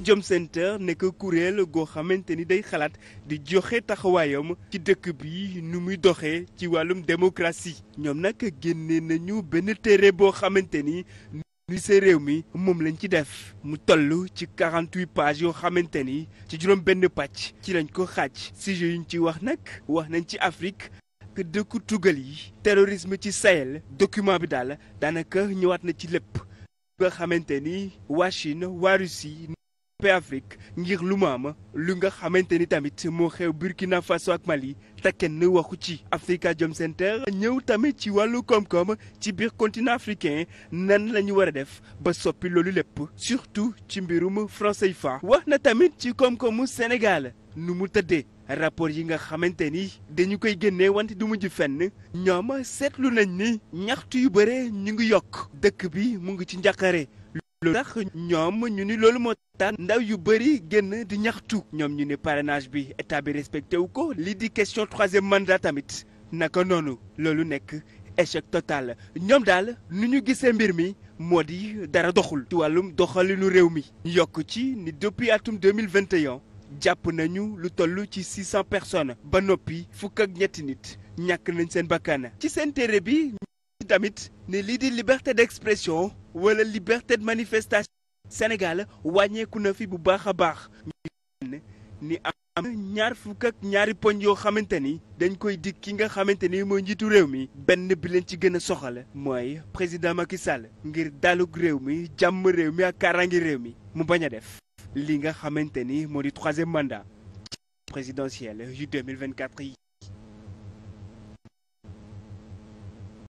Jom Center nekk kuréel goo xamante ni day xalaat di joxe taxawaayam ci dëkk bi nu muy doxee ci wàllum démocratie ñoom nag génne nañu benn téere boo xamante ni nu seen réew mi moom lañ ci def mu toll ci 48 pages yoo xamante ni ci juróom benn pàcc ci lañ ko xaaj sujet yuñ ci wax nag wax nañ ci Afrique ak dëkku tugal yi terrorisme ci Sahel document bi daal daanaka ñëwaat na ci lépp nga xamante ni waa Chine Afrique ngir lu maama lu nga xamante ni tamit moo xew Burkina Faso ak Mali te kenn waxu ci Afrikajom Center ñëw tamit ci wàllu koom-koom ci biir continent africain nan lañu war a def ba soppi loolu lépp surtout ci mbirum franc CFA wax na tamit ci koom-koomu Sénégal nu mu tëddee rapport yi nga xamante ni dañu koy génnee wante du mujj fenn ñoom seetlu nañ ni ñaxtu yu bare ñu ngi yokk dëkk bi mu ngi ci njàqare loolu tax ñoom ñu ni loolu moo tax ndaw yu bëri génn di ñaxtu ñoom ñu ni parrainage bi état bi respecté wu ko lii di question troisième mandat tamit naka noonu loolu nekk échec total ñoom daal nu ñu gisee mbir mi moo di dara doxul ci wàllum doxalinu réew mi yokk ci ni depuis atum 2021 jàpp nañu lu toll ci 600 personnes ba noppi fukk ak ñetti nit ñàkk nañ seen bakkana ci seen téere bi tamit ne lii di liberté d'expression wala liberté de manifestation Sénégal wàññeeku na fi bu baax a baax ni am ñaar fukk ak ñaari poñ yoo xamante ni dañ koy dig ki nga xamante ni mooy njiitu réew mi benn bi leen ci gën a soxal mooy président Macky Sall ngir dalug réew mi jàmm réew mi ak kaaraangi réew mi mu bañ a def li nga xamante ni moo di troisième mandat présidentiel yu 2024 yi